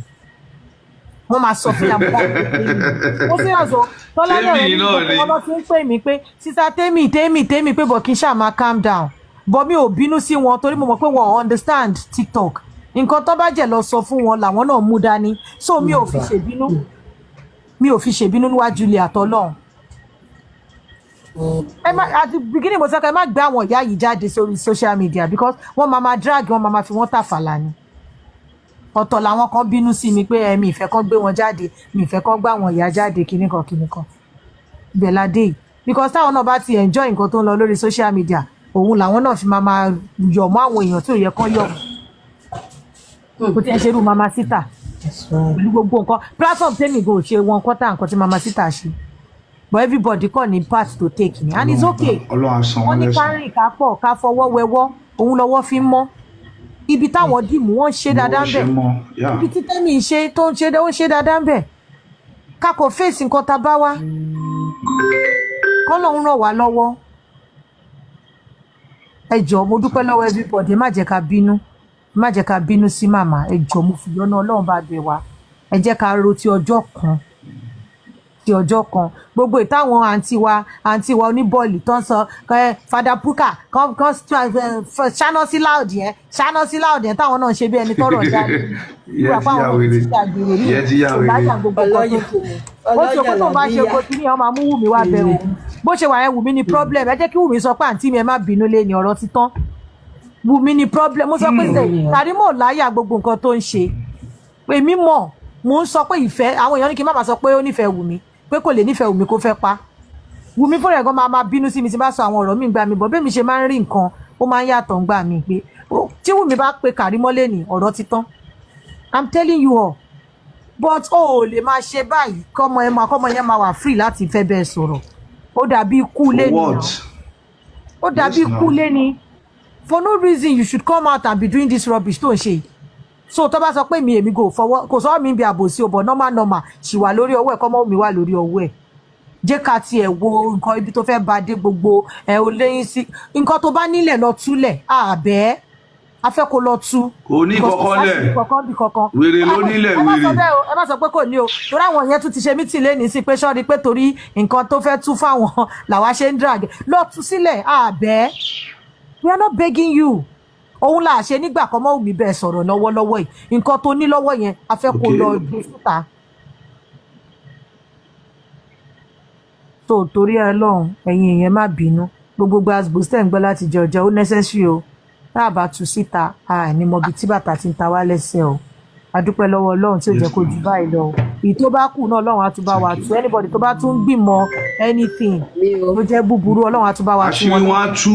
wọ́n máa sọ fún yà Mohbad pé tèmi ni ó sì hàn sọ tọ́lá náà ní ọmọ tí ń pè mí pé sísá tèmi tèmi tèmi pé bọ̀ kí n ṣáà máa calm down bọ̀ mi ò bínú sí wọn torí mo mọ̀ pé wọn understand TikTok nǹkan tó bá jẹ́ lọ sọ fún wọn làwọn náà mú dání so mi ò fi ṣèbínú mi ò fi ṣèbínú níwájú ilé àtọ́lọ́run ẹ má àti beginning mo sọ pé ẹ má gbé àwọn ìyá yìí jáde sórí social media because wọ́n máa ma drag wọ́n máa ma fi wọ́n tàfàlà ni ọ̀tọ̀ làwọn kan bínú sí mi pé ẹ̀mí ìfẹ́ kan gbé wọn jáde mi ìfẹ́ kan gbá wọn ìyá jáde kìnnìkan kìnnìkan ibẹ̀ la dé because táwọn náà bá ti enjoy nǹkan tó ń lọ lórí social media òun làwọn náà fi máa máa yọ̀ mọ́ àwọn èèyàn tí ò yẹ kán yọ̀ kò tí ẹ ṣerú mama sita pẹ̀lú gbogbo nǹkan platform tẹ́nìgò ṣe wọn kọ́tà nǹkan tí mama sita ṣe but everybody kàn ní part to take ni and it's okay wọ́n ní kárìn ká pọ̀ ká fọwọ́ wẹwọ́ òun lọ́wọ́ fi ń mọ́ ibi táwọn dìmú wọ́n ṣe dáadáa ń bẹ̀ ibi tí tẹ́mi ń ṣe tó ń ṣe ó ṣe dáadáa ń bẹ̀ ká kò fèsì nǹkan tá a bá wá kọ́lọ́hún ràn wá lọ́wọ́ ẹ jọ̀ọ́ mo dúpẹ́ lọ́wọ́ everybody má jẹ́ ká bínú má jẹ́ ká bínú sí màmá ẹ jọ̀ọ́ mo fìyọ́nà ọlọ́run bá bẹ̀ wá ẹ jẹ́ ká rò ti ọjọ́ kan di ọjọ́ kan gbogbo ìtàwọn àǹtí wa àǹtí wa oníbọ́ọ̀lì tó ń sọ fada puka ṣáná sí láòdì yẹn ṣáná sí láòdì yẹn táwọn náà ṣe bí ẹni tọrọ jáde ìgbà fáwọn ọmọ ti kí ni ọmọ amúwù mi wá bẹ òun bó ṣe wà yẹn wù mí ni problem ẹ jẹ́ kí wù mí sọ pé àǹtí mi ẹ má bínú lé ni problem mo sọ pé ṣe Karimo hmm. láyà gbogbo nǹkan tó ń ṣe èmi mọ̀ mo ń sọ pé ìfẹ́ àwọn èèyàn ní kí n má bàa sọ pé ó nífẹ̀ẹ́ wù pé kò lè nífẹ̀ẹ́ Wùmí kó fẹ́ pa Wùmí fúnra ẹ̀ máa máa bínú sí mi tí bá sọ àwọn ọ̀rọ̀ mi gbà mí bọ̀ bẹ́ẹ̀ mi ṣe máa ń rí nǹkan ó máa ń yàtọ̀ ń gbà mí pé tí Wùmí bá pe Kàrímọ́lé ní ọ̀rọ̀ ti tán I'm telling you all but o ò lè máa ṣe báyìí kọ́mọ ẹ máa kọ́mọ yẹn máa wà free láti fẹ́ bẹ́ẹ̀ sọ̀rọ̀ ó dàbí ikú lẹ́ni ó dàbí ikú lẹ́ni for no reason you should come out and be doing this rubbish tó ń ṣe yìí so tó bá sọ pé mi èmi kò fọwọ́ kò sọ mi bí àbòsí ọbọ̀ normal normal ṣì wà lórí ọwọ́ ẹ̀ kọ́mọ́ mi wà lórí ọwọ́ ẹ̀ jẹ́ ká tiẹ̀ wo nǹkan ibi tó fẹ́ ba dé gbogbo ẹ̀ ò léyìn sí nǹkan tó bá nílẹ̀ lọ túlẹ̀ àbẹ́ a fẹ́ kó lọ tú. kò ní kọ̀kan lẹ̀ wèrè ló nílẹ̀ wèrè. ẹ má sọ pé kò ní o torí àwọn yẹn tún ti ṣe mítì lé nísìn pé sọ́ọ́ni pé torí nǹkan tó fẹ́ tú fáwọn làwa ṣe ń drag lọ tú sílẹ̀ àbẹ́ we are not begging you òun là ṣe nígbà kan mọ́ òmí bẹ́ẹ̀ sọ̀rọ̀ lọ́wọ́lọ́wọ́ yìí nǹkan tó ní lọ́wọ́ yẹn a fẹ́ kó lọ gbé síta. tó torí ẹ lọ́hùn ẹ̀yin èèyàn má bínú gbogbo gbàgbó stem gbọ́ láti jẹ ọjà ó necessary o tá a síta àìní mọbi tí bàtà ti ń ta wá lẹ́sẹ̀ o adúpẹ́ lọ́wọ́ ọlọ́run tí ó jẹ́ kó ju báyìí lọ èyí tó bá kù náà ọlọ́run á tún bá wa tú anybody tó bá tún gbìmọ̀ anything tó jẹ́ búburú ọlọ́run á tún bá wa tú wọn. àṣírí wọn á tú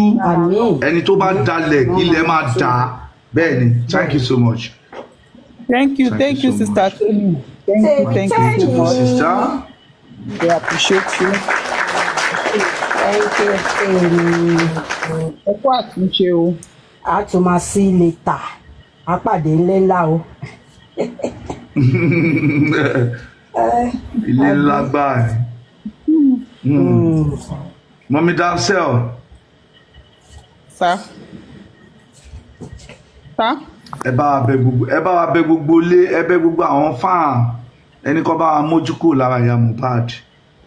ẹni tó bá dalẹ̀ ilẹ̀ máa dà bẹ́ẹ̀ ni thank you so much. thank you thank, you, sister tony thank you thank you sister. we appreciate you. thank you. ẹ kú àtúnṣe o. a tún máa sí ilé ta apàdé ńlẹ́ńlá o ilé lágbára mọ́mí dáńsẹ́l. sá sá. ẹ bá wa bẹ gbogbo ẹ bá wa bẹ gbogbo lé ẹ bẹ gbogbo àwọn fáàn ẹni kọ́ bá wa mójú kúrò lára ìyá Mohbad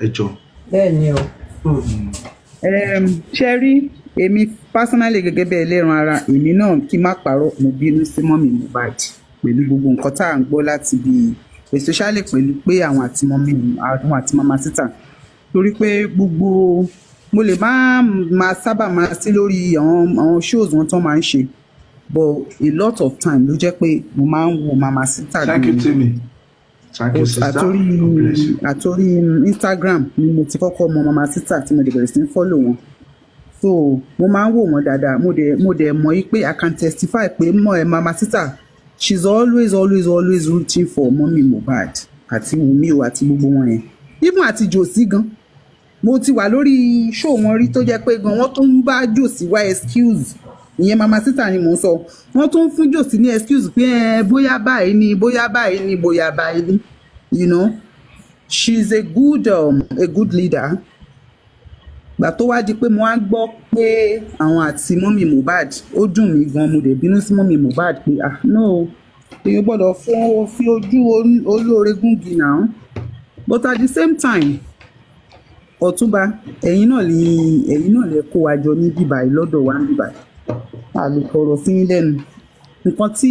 ẹ jọ. bẹ́ẹ̀ ni o ṣe rí èmi personally gẹ́gẹ́ bí ẹlẹ́ran ara èmi náà kí n má parọ́ mo bínú sí mọ́mí Mohbad pẹ̀lú gbogbo nǹkan tá à ń gbọ́ láti bí especially pẹ̀lú pé àwọn àti mọ́mí àwọn àti mama títà torí pé gbogbo mo lè má máa sábà máa sí lórí àwọn àwọn shows wọn tán máa ń ṣe but a lot of time ló jẹ́ pé mo máa ń wo mama títà gan-an àtòrí Instagram ni mo ti kọ́kọ́ mọ mama títà tí mo lè bẹ̀rẹ̀ sí ń fọ́lò wọn so mo máa ń wò wọn dáadáa mo dẹ̀ mo dẹ̀ mọ̀ yí pé I can testify pé mọ̀ ẹ́ mama títà she's always always always rooting for mọ́mí Mohbad àti Wunmi o àti gbogbo wọn yẹn even àti jòsí gan mo ti wà lórí ṣó wọn rí tó jẹ́ pé gan wọ́n tún ń bá jòsí wá excuse ìyẹn mama sita ni mò ń sọ wọ́n tún ń fún jòsí ní excuse pé ẹ eh, bóyá báyìí ni bóyá báyìí ni bóyá báyìí ni you know she's a good um, a good leader gbà tó wá di pé mo á gbọ́ pé àwọn àti mọ́mì Mohbad ó dùn mí gan mo dẹ̀ bínú sí mọ́mì Mohbad pé ah no èyí gbọ́dọ̀ fi ojú olóore gúngi náà but at the same time ọ̀túnba ẹ̀yin náà lè ẹ̀yin náà lè kó wa jọ ní bíbáyìí lọ́dọ̀ wa ní bíbáyìí a lè kọ̀rọ̀ sí yín lẹ́nu nǹkan tí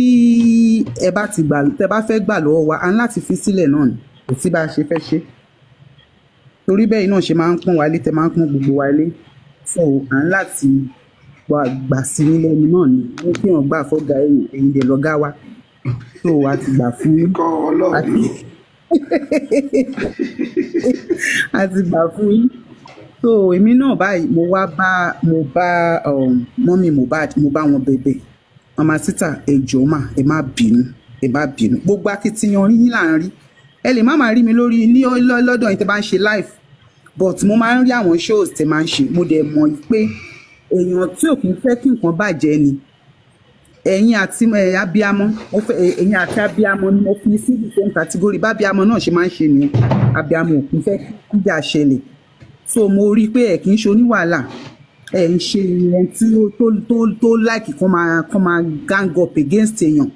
ẹ bá ti gbà tẹ bá fẹ́ gbà lọ́wọ́ wa a ń láti fi sílẹ̀ náà ni kò sí bá a ṣe fẹ́ ṣe torí bẹ́ẹ̀ náà ṣe máa ń pọ́n wa lé tẹ máa ń pọ́n gbogbo wa lé so à ń láti wà gbà sí ní lẹ́nu náà ni wọ́n fi hàn gbà fọ́gà ẹ̀yìn dẹ̀ lọ́gá wa so a ti gbà fún a ti gbà fún yín so èmi náà báyìí mo wá bá mo bá um, mọ́mí Mohbad mo bá wọn bẹ̀bẹ̀ mama sita ẹ jọ̀ọ́ mà ẹ má bínú ẹ má bínú gbogbo akitiyan yín là ń rí ẹ lè má máa rí mi lórí ní lọ́dọ̀ yìí tẹ́ bá ń ṣe live but mo máa ń rí àwọn shows tẹ́ máa ń ṣe mo dẹ̀ mọ̀ pé èèyàn tí ò kì í fẹ́ kí nǹkan bàjẹ́ ni ẹ̀yin àti abiyamọ ẹ̀yin àti abiyamọ ni mo fi sí the same category bá abiyamọ náà ṣe máa ń ṣe nìyẹn abiyamọ ò kì í fẹ́ kí ìjà ṣẹlẹ̀ so mo rí i pé ẹ̀ kì í ṣe oníwàhálà ẹ̀ ń ṣe ìyẹn tí tó tó tó láìkì kan máa gang up against èèyàn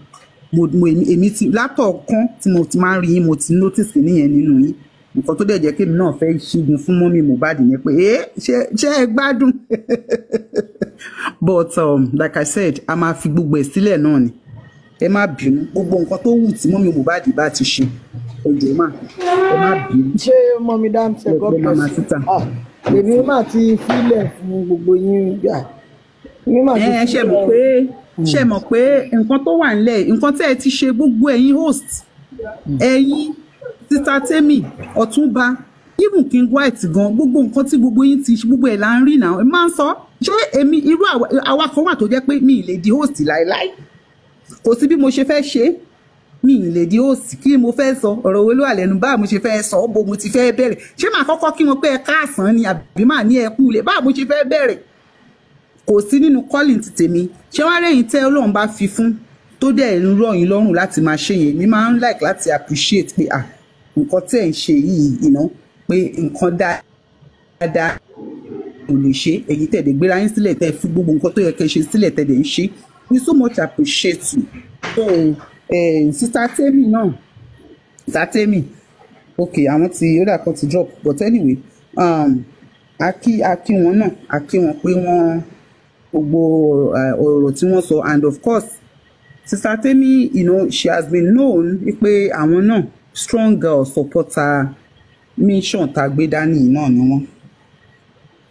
mo mo èmi ti látọ̀ọ̀kan tí mo ti máa ń rí yín mo ti notice nìyẹn nínú yín nǹkan tó dẹ̀ jẹ́ kémi náà fẹ́ ṣígun fún mọ́mí Mohbad ni pé ẹ ṣe ẹ gbádùn but um, like I said a máa fi gbogbo ẹ̀ sílẹ̀ náà ni ẹ má bínú gbogbo nǹkan tó wù tí mọ́mí Mohbad bá ti ṣe ọjọ́ mà ẹ má bínú. ṣé mọ́mí dáńtẹ̀ gọ́ọ̀pẹ̀sì èmi máa ti fílẹ̀ fún gbogbo yín gbà. ẹ ṣe mọ̀ pé ṣe mọ̀ pé nǹkan tó wà nílẹ̀ nǹkan tẹ́ ẹ ti ṣe gbogbo ẹ̀yin host ẹ̀yin títa tẹ́mì ọ̀túnba even king white gan gbogbo nǹkan tí gbogbo yín ti gbogbo ẹ̀ là ń rí náà ẹ máa ń sọ ṣé èmi irú àwa wà tó jẹ́ pé mi ì lè di host láéláé kò sí bí mo ṣe fẹ́ ṣe mi ì lè di host kí mo fẹ́ sọ ọ̀rọ̀ wo ló wà lẹ́nu báà mo ṣe fẹ́ sọ bó mo ti fẹ́ bẹ̀rẹ̀ ṣé màá kọ́kọ́ kí wọn pé ẹ káàsán ni àbí màá ní ẹ kú báà mo ṣe fẹ́ bẹ̀rẹ̀ kò sí nínú calling ti tèmi ṣé wàá rẹ̀yìn tẹ́ ọlọ́run bá fi fún tó dẹ̀ ń rọ̀ yín lọ́rùn láti máa ṣe yẹn mi máa ń like láti appreciate pé ah nǹkan tẹ̀ ń ṣe yìí ìná pé nǹkan dáadáa kò lè ṣe èyí tẹ̀dẹ̀ gbéra yín sílẹ̀ tẹ̀ fi gbogbo nǹkan tó yẹ kẹ́ ṣe sílẹ̀ tẹ̀dẹ̀ ń ṣe we so much appreciate you so sísá tèmi náà sísá tèmi ok àwọn tí ó dà kan ti drop but anyway um, a kí a kí wọn náà a kí wọn pé wọn gbogbo eh, ọ̀rọ̀ tí wọ́n sọ and of course sister Temi you know she has been known pé àwọn náà strong girl supporter mission tagbe dání náà ni wọ́n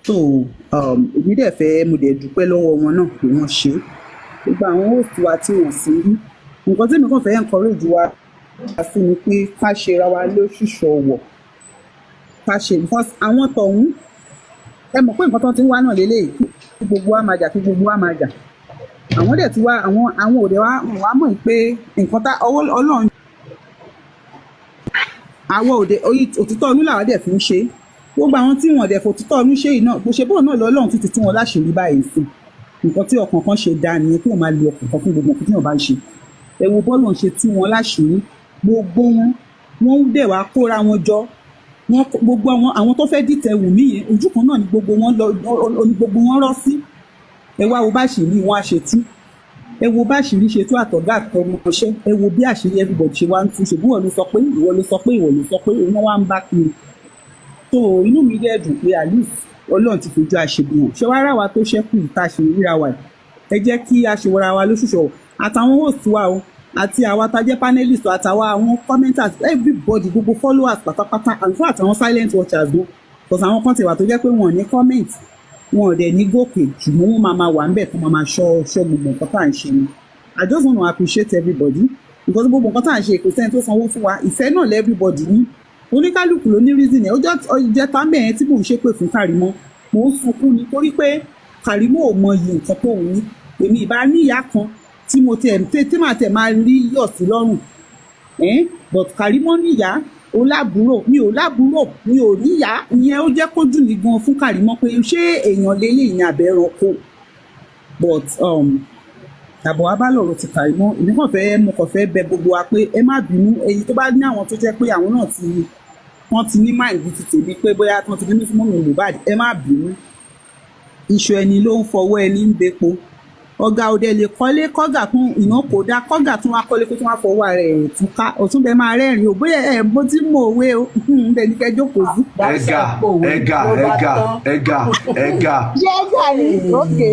so um, èmi dẹ̀ fẹ́ mo dẹ̀ dúpẹ́ lọ́wọ́ wọn náà pé wọ́n ṣe gbogbo àwọn host wa tí wọ́n sì rí nǹkan tí mi kàn fẹ́ encourage wa sí ni pé ká ṣe ra wa lóṣùṣọ̀ wọ̀ ká ṣe because àwọn tọ̀hún ẹ mọ̀ pé nǹkan tó ti ń wá náà lélẹ́yìí kí gbogbo wa máa jà kí gbogbo wa máa jà àwọn dẹ̀ ti wá àwọn àwọn òde wa wà mọ̀ pé nǹkan tá ọwọ́ ọlọ́run àwọn òde òtítọ́ ọdún làwọn dẹ̀ fi ń ṣe gbogbo àwọn tí wọn dẹ̀ fòtítọ́ ọdún ṣe yìí náà bó ṣe bóun náà lọ́lọ́run títí tí wọn láṣìírí báyìí sí nǹkan tí ọkàn kan ṣe dáa nìyẹn kí wọn máa lo ọkàn kan fún gbogbo nǹkan tí wọn bá ń ṣe ẹ wo bọ́ọ̀lù ń ṣe tí wọn láṣìírí gbogbo wọn wọn dẹ̀ wá kóra wọn jọ wọn gbogbo àwọn àwọn tó fẹ́ dìtẹ̀ Wùmí yẹn ojú kan náà ni gbogbo wọn lọ ni gbogbo wọn rọ́ sí ẹ wá wo bá ṣèlú wọn àṣetí ẹ wo bá àṣírí ṣe tó àtọ̀gá àtọmọṣẹ́ ẹ wo bí àṣírí everybody ṣe wá ń tú ṣùgbọ́n ìwọ ló sọ pé ìwọ ló sọ pé ìwọ ló sọ pé iná wá ń bá kiri tó inú mi dẹ̀ dùn pé alif ọlọ́run ti fojú àṣebù hàn ṣé wàá rà wá tó ṣẹ́kù ìta ṣe ríra wa ẹ jẹ́ kí aṣèwọ́ra wa lóṣùṣọ́ àtàwọn host wa o àti àwa tá a jẹ́ panelist àtàwa àwọn commenters everybody gbogbo followers pátápátá and fún àtàwọn silent watchers gan because àwọn kan ti wà tó jẹ́ pé wọn ò ní comment wọn ò dẹ̀ ní gòkè ṣùgbọ́n wọn máa máa wà ń bẹ̀ fún máa máa ṣọ́ ṣọ́ gbogbo nǹkan tá à ń ṣe ni I just wanna appreciate everybody because gbogbo nǹkan tá à ń ṣe kò sẹ́ni tó sanwó fún wa ìfẹ́ náà lẹ́ everybody ní oníkálukú ló ní reason ẹ̀ ọjọ́ tá mẹ́rin tí mò ń ṣépè fún Kàrímọ́ mò ń sunkún nítorí pé Kàrímọ́ ò mọyì nǹkan tó ń ní èmi ìbá níyà kan tí mo tẹ̀ tí màá tẹ̀ máa rí yọ̀ sí lọ́rùn but Kàrímọ́ níyà ó lábúrò mi ò lábúrò mi ò níyà ìyẹn ó jẹ́ kó dùn mí gan fún Kàrímọ́ pé ṣé èèyàn lélẹ̀ ìyẹn àbẹ̀rọ̀ kò but um, àbọ̀ wa bá lọ̀rọ̀ ti Kàrímọ́ èmi kàn fẹ́ mo kàn fẹ́ bẹ gbogbo wa pé ẹ má bínú èyí tó bá ní àwọn tó jẹ́ pé àwọn náà ti wọ́n ti ní máìlì bíi ti tèmi pé bóyá wọ́n ti ní fún mọ́mí Mohbad ẹ má bínú iṣu ẹni ló ń fọwọ́ ẹni ń bepo ọ̀gá òde lè kọ́lé kọ́gà tún ìná kò dá kọ́gà tún wá kọ́lé kó tún wá fọwọ́ rẹ̀ tún ká ọ̀tún bẹ́ẹ̀ máa rẹ́rìn òbóyè ẹ̀ bó ti mọ òwe o bẹ́ẹ̀ ni kẹ́ jókòó sí. ẹ̀gà ẹ̀gà ẹ̀gà ẹ̀gà ẹ̀gà. ṣé ẹ̀gà ni òkè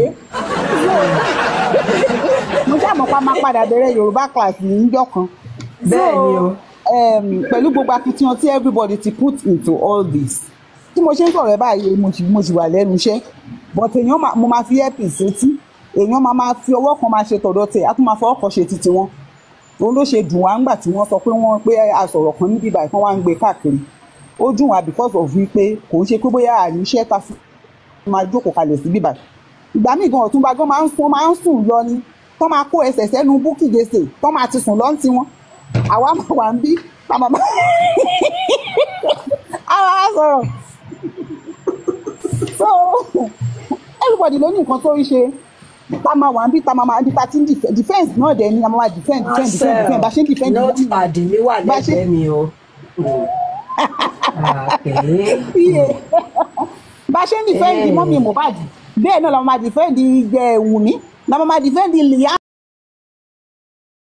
mo ṣàmọ̀ pa máa padà bẹ̀rẹ̀ Yorùbá class ní ìjọ́ kan. bẹ́ẹ̀ o. pẹ̀lú gbogbo akitiyan tí everybody ti put into all this tí mo ṣe ń sọ̀rọ̀ ẹ̀ báyìí mo ṣì wà lẹ́nu iṣẹ́ but èèyàn mo máa fi earpiece sétí èèyàn máa máa fi ọwọ́ kan máa ṣe tọ̀dọ̀ tẹ̀ á tún máa fọwọ́ kan ṣe ti tiwọn òun ló ṣe dùn wá ńgbà tí wọ́n sọ pé wọ́n pé àsọ̀rọ̀ kan níbi ìbàdàn kan wá ń gbé káàkiri ó dùn wá because of wípé kò ń ṣe pé bóyá àní iṣẹ́ ta fún máa jókòó kalẹ̀ sí bíbà ìgbà míì gan ọ̀túnba gan máa ń sùn máa ń sùn lọ ni tọ́ máa kó ẹsẹ̀ sẹ́nu búkì gbèsè tọ́ máa ti sùn lọ́ntì wọn àwa máa wà ń bí bàbá àwa á sọ̀rọ̀ so everybody ló ní nǹkan tó ń ṣe tá a máa wà níbi tá a máa máa nípa tí defense náà dẹ̀ ni a máa defend defend defend defend bá ṣe defend defend. notepad mi wà lẹ́gbẹ̀ẹ́ mi o. bá ṣe defend mọ́mí Mohbad bẹ́ẹ̀ náà la máa defend eh, Wùmí la máa defend Liam.